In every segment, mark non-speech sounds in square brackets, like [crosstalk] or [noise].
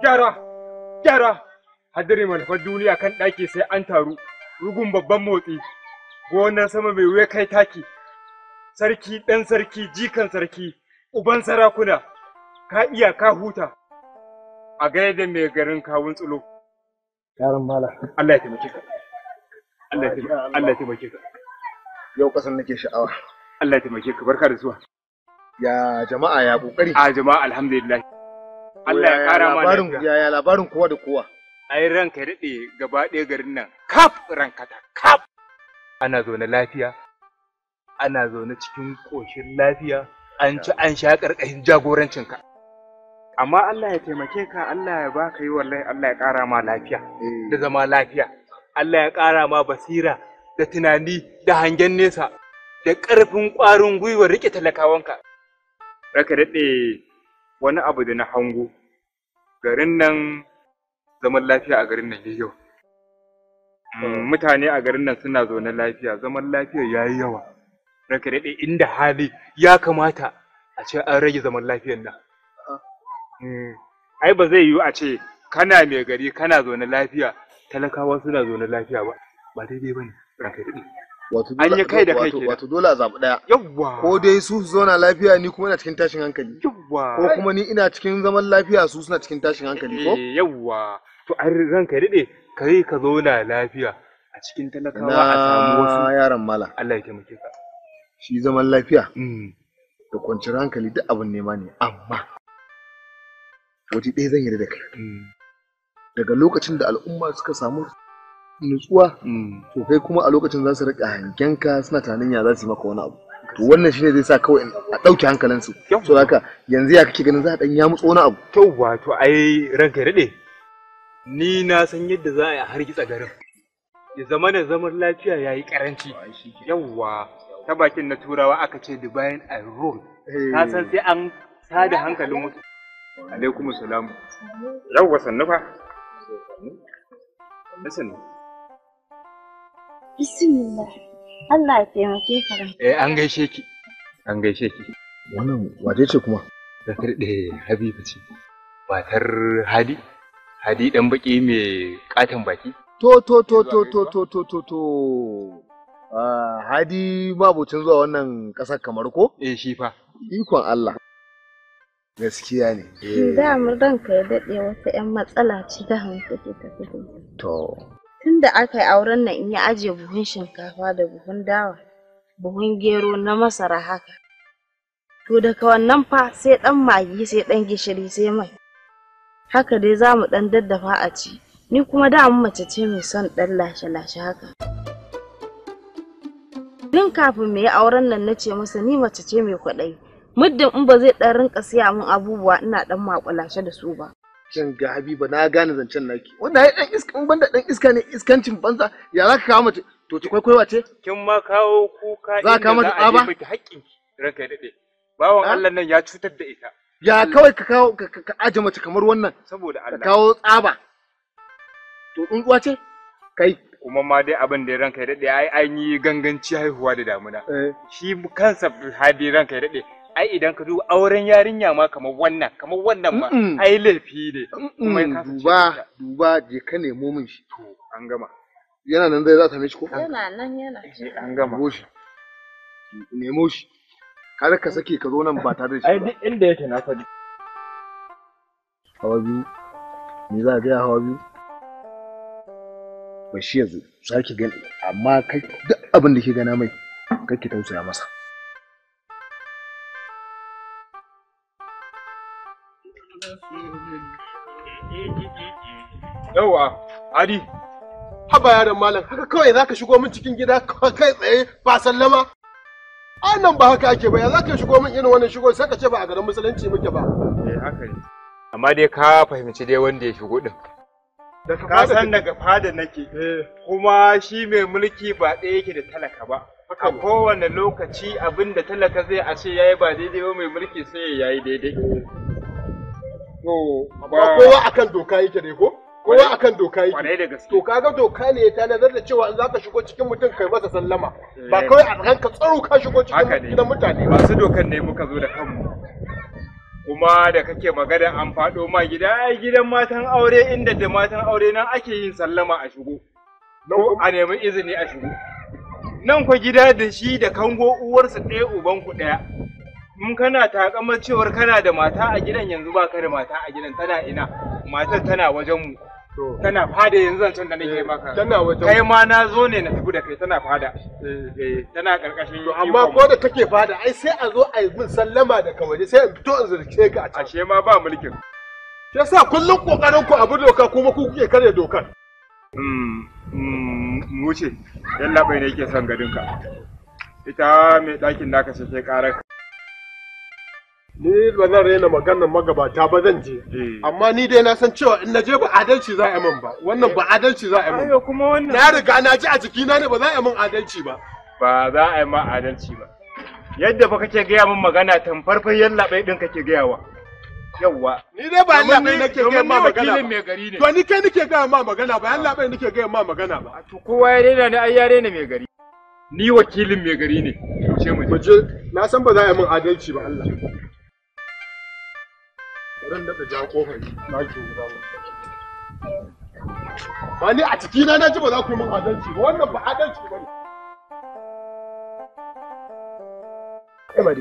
Gyara, gyara, hadari malfar duniya kan ɗaki sai an taru, rugun babban motsi, gonar sama mai wuya kai taki, sarki ɗan sarki jikan sarki, uban sarakuna, ka iya ka huta, a gaya da mai garin kawun tsulo. Yaron mala. Allah ya taimake ka. Allah ya taimake ka. Yau ƙasar nake sha'awa. Allah ya taimake ka, barka da zuwa. Ya jama'a ya ƙoƙari. A jama'a alhamdulillah. Allah ya kara mana yaya labarin kowa da kowa ai ranka daɗe gaba ɗaya garin nan kaf rankata kaf ana zaune lafiya ana zaune cikin ƙoshin lafiya an ci an sha ƙarƙashin jagorancinka amma Allah ya taimake ka Allah ya baka yi wallahi Allah ya ƙara ma lafiya eh. da zama lafiya Allah ya ƙara ma basira da tunani da hangen nesa da ƙarfin ƙwarin gwiwa rike talakawanka raka daɗe wani abu da na hango garin nan zaman lafiya a garin nan yau mm, oh. mutane a garin nan suna zaune lafiya zaman lafiya ya yi yawa ranka daɗe inda hali ya kamata a ce an rage zaman lafiyan nan oh. mm, ai ba zai yiwu a ce kana mai gari kana zaune lafiya talakawa suna zaune lafiya ba ba daidai ba ne ranka daɗe an yi kai da kai kenan wato dole a zaɓi daya yawwa ko dai su su zauna lafiya ni kuma ina cikin tashin hankali yawwa ko kuma ni ina cikin zaman lafiya su suna cikin tashin hankali ko eh, yawwa to an ran ya daɗe kai ka zauna lafiya a cikin talakawa a samu wasu yaran mala Allah ya taimake ka shi zaman lafiya mm. da kwanciyar hankali duk abin nema ne amma waje ɗaya zan yi da kai mm. daga lokacin da al'umma suka samu nutsuwa mm. to kai kuma a lokacin za su riƙa hangen ka suna tunanin ya za su yi maka wani abu to wannan shine zai sa kawai a ɗauke hankalin su so haka yanzu ya kake ganin za a ɗan ya mutsu wani abu to wato ai ranka daɗe ni na san yadda za a yi a hargitsa garin ya zama da zaman lafiya ya yi karanci Yawwa, ta bakin na turawa aka ce dubayin a rule ka eh. san sai an tada hankalin wasu alaikum salam yauwa sannu fa sannu Bismillah. Allah ya taimake ka ran. Eh an gaishe ki. An gaishe ki. Wannan waje ce kuma? Zakar da Habibu ce. Matar Hadi. Hadi dan baki mai katon baki. To to to to to to to to to. Hadi mabucin zuwa wannan ƙasar kamar ko? Eh shi fa. Ikon Allah. Gaskiya ne. Da mu ranka ya daɗe wata 'yan matsala ce da hankali ta tafi. To, Tunda yi auren nan in ya ajiye buhun shinkafa da buhun dawa, buhun gero na masara haka. To daga wannan fa sai ɗan magi sai ɗan gishiri sai mai. Haka dai za mu ɗan daddafa a ci. Ni kuma da mace ce mai son ɗan lashe-lashe haka. Tun kafin mu yi auren nan na ce masa ni mace ce mai kwaɗayi. Muddin in ba zai ɗan rinƙa siya min abubuwa ina ɗan maƙulashe da su ba. can ga habiba na gane zancen naki wanda ya dan iska in banda dan iska ne iskancin banza ya zaka kawo mata to ta kwaikwai ce kin ma kawo kuka za ka mata tsaba haƙƙin ranka ya dade bawon Allah nan ya cutar da ita ya kawai ka kawo ka aje mace kamar wannan saboda Allah ka kawo tsaba to tsuntsuwa ce kai kuma ma dai abin da ranka ya dade ai an yi ganganci haihuwa da damuna eh. shi kansa hadi ranka ya dade ai idan ka duba auren yarinya ma kamar wannan kamar wannan ma ai laifi ne kuma ka duba duba je ka nemo min shi to an gama yana nan zai za ta mishi ko yana nan yana eh, an gama nemo shi nemo shi kada ka sake ka zo nan ba tare da shi ai duk inda yake na faɗi hawa biyu me za ka ga hawa biyu bashi yanzu sake gani amma kai duk abin da ke gana mai kake tausaya masa Yawa, Adi, haba yaron malam, haka kawai za ka shigo min cikin gida kai tsaye ba sallama? nan ba haka ake ba, ya za ka shigo min irin wannan shigo sai ka ce ba a garin musulunci muke ba. Eh, haka ne. Amma dai ka fahimci dai wanda ya shigo din. Ka san daga fada nake, eh. kuma shi mai mulki ba ɗaya yake da talaka ba. a kowane lokaci abin da talaka zai a ce ya yi ba daidai ba mai mulki sai ya yi daidai. Eh. To ba kowa akan doka yake ne ko? Kowa akan doka yake. Kwarai da To kaga doka ne ta nazar da cewa in zaka shigo cikin mutum kai masa sallama. Ba eh. kawai a ranka tsaro ka shigo cikin gidan mutane. ba. Masu dokan ne muka zo da kanmu. Kuma da kake magana an faɗo ma gida ai gidan matan aure inda da matan aure nan ake yin sallama a shigo. Ko a nemi izini a shigo. Nan kwa gida da shi da kango uwarsa ɗaya uban ku ɗaya. mun kana takamar cewar kana da mata a gidan yanzu baka da mata a gidan tana ina matar tana wajen mu tana fada yanzu zan da nake eh, maka tana wajen kai ma na zo ne na tafi da kai tana fada eh, eh. tana karkashin yi amma ko da kake fada ai sai a zo a yi min sallama da waje sai in fito in zurce ka a can ashe ma ba mulkin yasa kullum kokarin ku abu doka kuma ku kuke karya dokar hmm, hmm, mu yalla bai ne yake son gadinka ita mai ɗakin naka sai karar ni ba zan raina maganar magabata ba zan je eh. amma ni dai na san cewa in na je ba adalci za a min ba wannan ba adalci za a min ba kuma wannan na riga na ji a jikina ne ba za a min adalci ba ba za a yi ma adalci ba yadda fa kake gaya min magana tamfar fa yalla bai din kake gaya wa yawa ni dai ba yalla bai nake gaya ma magana ba to ni kai nake gaya ma magana ba yalla bai nake gaya ma magana ba to kowa ya rena ni ai ya rena mai gari ni wakilin mai gari ne ce mu je na san ba za a yi min adalci ba Allah ran da ja kofar na guda ba ni a ciki na naji ba za ku yi min adalci ba wannan ba adalci ba ne kai ba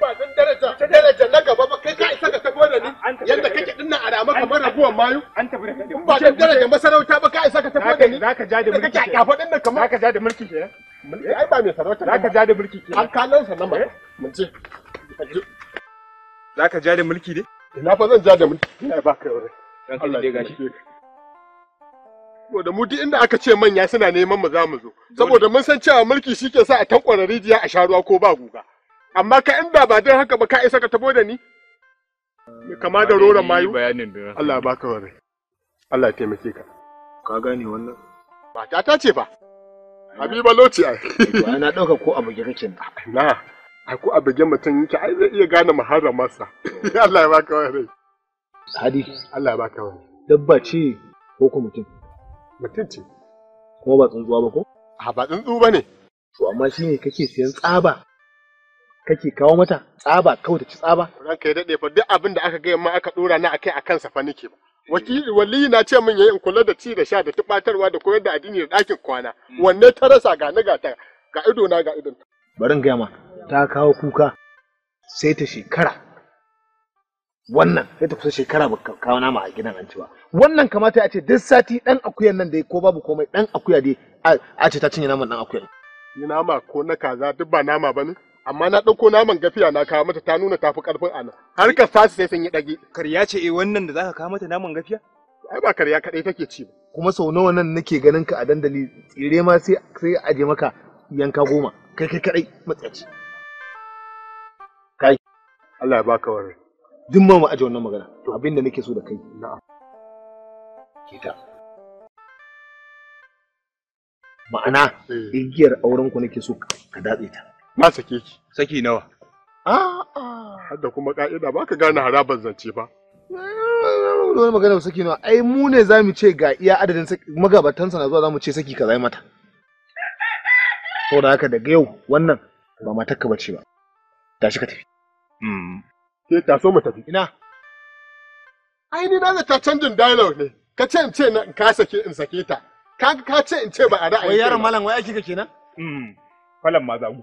ba ne daraja ta daraja na gaba ba kai ka isa ka tafi da ni yadda kake dinnan a kamar raguwan mayu an tafi da kai ba daraja masarauta ba ka isa ka tafi da ni zaka ja da mulki Ka kafa dinnan kamar ja da mulki ai ba mai sarauta zaka ja da mulki an nan ba mun ce Za ka ja da mulki ne? Ina fa zan ja da mulki, ina ba ka yau Dan gashi. Saboda mu duk inda aka ce manya suna neman mu za mu zo. Saboda mun san cewa mulki shi ke sa a tankwara rijiya a sharuwa ko ba guga. Amma ka inda ba don haka ba ka isa ka tabo da ni? Kama da roran mayu? Allah ba ka ware. Allah ya taimake ka. Ka gane wannan? ta ce ba. Habiba Loti ai. na ɗauka ko abu girkin. [laughs] Na. a ko a bege mutum yake ai zai iya gane muharramarsa [laughs] Allah ya baka wani hadi Allah ya baka wani dabba ce ko ko mutum mutum ce kuma ba tsuntsuwa ba ko a ba tsuntsu ba ne to amma shine kake siyan tsaba kake kawo mata tsaba kawai ta ci tsaba ran kai dade fa duk abin da aka gaya ma aka dora na akai akan sa fa nake ba wakili waliyi na ce min yayi in kula da ci da sha da tubatarwa da koyar da addini da ɗakin kwana hmm. wanne ta rasa ga ni ga ta ga ido na ga idon ta bari in gaya ma ta kawo kuka sai ta shekara wannan sai ta kusa shekara ba kawo nama a gidan an cewa wannan kamata a ce duk sati dan akuyan nan da ko babu komai dan akuya dai a ce ta cinye naman dan akuya ni nama ko na kaza duk ba nama bane amma na ɗauko naman gafiya na kawo mata ta nuna tafi karfin ana har ka fasi sai sun yi dage karya ce eh wannan da zaka kawo mata naman gafiya ai ba karya kadai take ci ba kuma sau nawa nan nake ganin ka a dandali tsire ma sai sai aje maka yanka goma kai kai kadai matsaci kai Allah ya baka wani duk ma mu aje wannan magana to abinda nake so da kai na'am kita ma'ana eh. igiyar auren ku nake so ka datse ta ma sake ki saki nawa a'a hadda kuma ka'ida baka gane harabar zance ba wani magana saki nawa ai mu ne za mu ce ga iya adadin magabatansa na zuwa zamu mu ce saki zai mata saboda haka daga yau wannan ba matakka bace ba tashi ka tafi ke mm. so mu tafi ina ai ni na ta canjin dialogue ne ka ce in ce na ka sake in sake ta ka ka ce in ce ba a ra'ayi wai yaron malam wai aiki ka kenan mm. falan ma zagu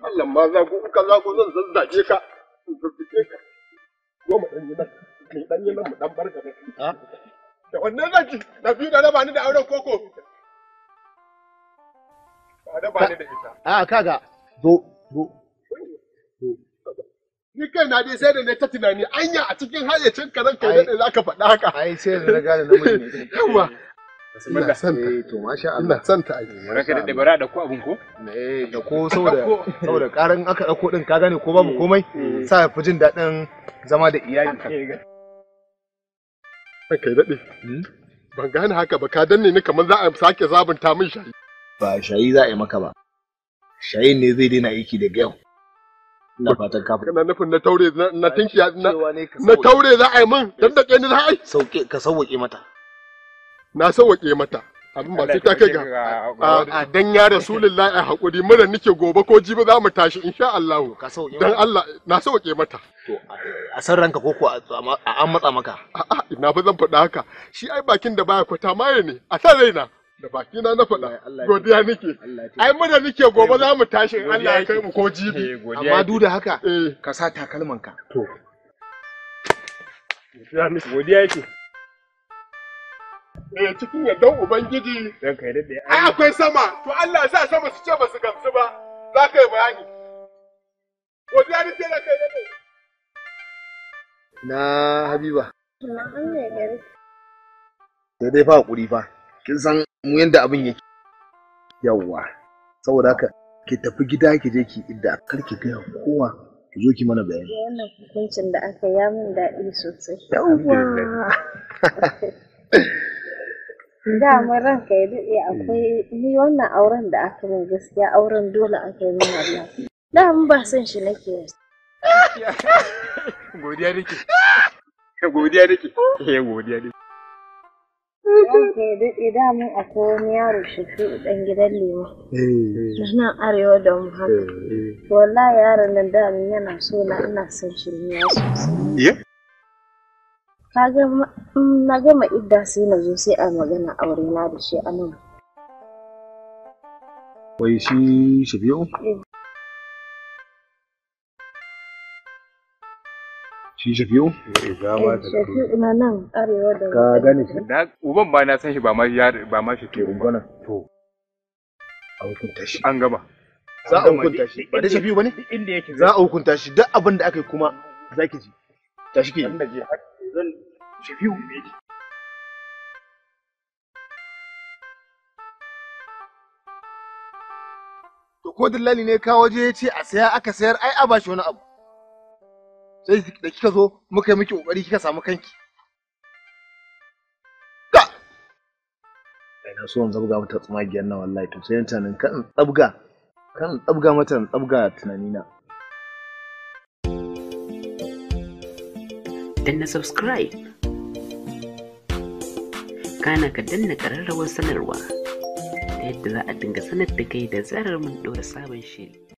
falan ma zagu in ka zagu zan zazzage ka in zazzage ka goma dan yi nan kai dan yi nan mu dan barka da da wannan zaki da biyu da raba ni da auren koko ba da ba ni da ita a kaga zo zo ni kai na dai sai da ne ta tunani anya a cikin hayyacin ka zan kai da zaka faɗa haka ai sai da na da namiji yawa Ina santa. ta eh, to masha Allah. Ina santa eh, ai. Raka da dabara da ko abun ko? Eh da ko [laughs] saboda saboda karan aka dauko din ka gane ko babu eh, komai sa fi jin daɗin zama da iyali ka. Kai dade hmm? Ban gane haka ba ka danne ni kamar za a sake zabunta min shayi. Ba shayi za a yi maka ba. Shayin ne zai daina aiki da yau. ina fatan ka kana nufin na taure na tinkiya na taure za a yi min dan da ni za a yi sauke ka sauke mata na sauke mata abin ba sai ta kai ga a dan ya rasulullahi a hakuri mura nake gobe ko jibi za mu tashi insha Allah dan Allah na sauke mata to a san ranka ko ko a an matsa maka a'a ina fa zan faɗa haka shi ai bakin da baya kwata maye ne a san raina da baki na na faɗa godiya nake ai mu da nake gobe za mu tashi in Allah ya kai mu ko jibi eh, amma duk da haka eh. ka sa takalman ka to godiya yake eh cikin yardan ubangiji dan kai dai ai akwai sama to Allah ya sa sama su ce ba su gamsu ba za ka yi bayani godiya nake da kai da na habiba na Allah ya gari sai dai fa hakuri fa kin san yadda abin yake yawwa saboda haka ke tafi gida ki je ki idda kar ki gaya kowa ki zo ki mana bayani wannan hukuncin da aka ya min daɗi sosai yawwa [laughs] da maran ranka ya daɗe akwai ni wannan auren da aka min gaskiya auren dole aka yi min Allah da mun ba son shi nake [laughs] godiya nake [laughs] godiya nake eh, godiya nake Idan daɗe damun akwai wani yaro shafi'u ɗan gidan lemu. Eh. Nan arewa da mu haka. Eh. yaron nan damun yana so na ina son shi ne sosai. Na gama idda sai na zo sai a magana aure na da shi a Wai shi shafi'u? Eh. shi shafiu ya ba ta shafiu ina nan arewa da ka gane shi na uban ba na san shi ba ma ya ba ma shi ke ungana to a hukunta shi an gama za a hukunta shi ba da shafiu bane inda yake za a hukunta shi duk abin da aka yi kuma zaki ji tashi ke zan shafiu To ko dillali ne kawo waje ya ce a saya aka sayar ai a bashi wani abu. da kika zo muka yi miki kokari kika samu kanki ka ina so in zabga mata tsumagiyar nan wallahi to sai ta nan kan tsabga kan tsabga mata tsabga tunanina danna subscribe kana ka danna kararrawar sanarwa ta yadda za a dinga sanar da kai da zarar mun ɗora sabon shiri